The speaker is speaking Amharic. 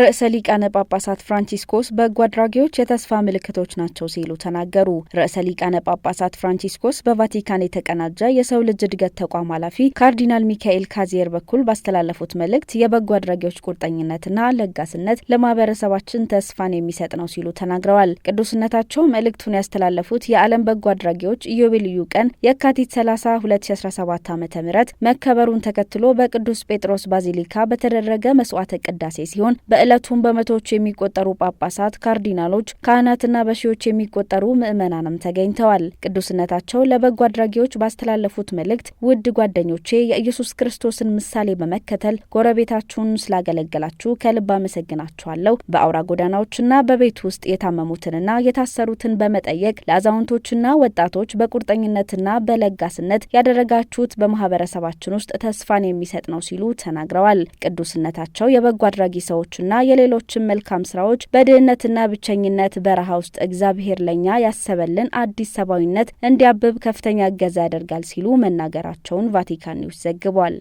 ርዕሰ ሊቃነ ጳጳሳት ፍራንቺስኮስ በጎ አድራጊዎች የተስፋ ምልክቶች ናቸው ሲሉ ተናገሩ። ርዕሰ ሊቃነ ጳጳሳት ፍራንቺስኮስ በቫቲካን የተቀናጀ የሰው ልጅ እድገት ተቋም ኃላፊ ካርዲናል ሚካኤል ካዚየር በኩል ባስተላለፉት መልእክት የበጎ አድራጊዎች ቁርጠኝነትና ለጋስነት ለማህበረሰባችን ተስፋን የሚሰጥ ነው ሲሉ ተናግረዋል። ቅዱስነታቸው መልእክቱን ያስተላለፉት የዓለም በጎ አድራጊዎች ኢዮቤልዩ ቀን የካቲት 30 2017 ዓ ም መከበሩን ተከትሎ በቅዱስ ጴጥሮስ ባዚሊካ በተደረገ መስዋዕተ ቅዳሴ ሲሆን በ በዕለቱም በመቶዎች የሚቆጠሩ ጳጳሳት፣ ካርዲናሎች፣ ካህናትና በሺዎች የሚቆጠሩ ምዕመናንም ተገኝተዋል። ቅዱስነታቸው ለበጎ አድራጊዎች ባስተላለፉት መልእክት ውድ ጓደኞቼ የኢየሱስ ክርስቶስን ምሳሌ በመከተል ጎረቤታችሁን ስላገለገላችሁ ከልብ አመሰግናችኋለሁ። በአውራ ጎዳናዎችና በቤት ውስጥ የታመሙትንና የታሰሩትን በመጠየቅ ለአዛውንቶችና ወጣቶች በቁርጠኝነትና በለጋስነት ያደረጋችሁት በማህበረሰባችን ውስጥ ተስፋን የሚሰጥ ነው ሲሉ ተናግረዋል። ቅዱስነታቸው የበጎ አድራጊ ሰዎችና ስራዎችና የሌሎችን መልካም ስራዎች በድህነትና ብቸኝነት በረሃ ውስጥ እግዚአብሔር ለኛ ያሰበልን አዲስ ሰብአዊነት እንዲያብብ ከፍተኛ እገዛ ያደርጋል ሲሉ መናገራቸውን ቫቲካን ኒውስ ዘግቧል።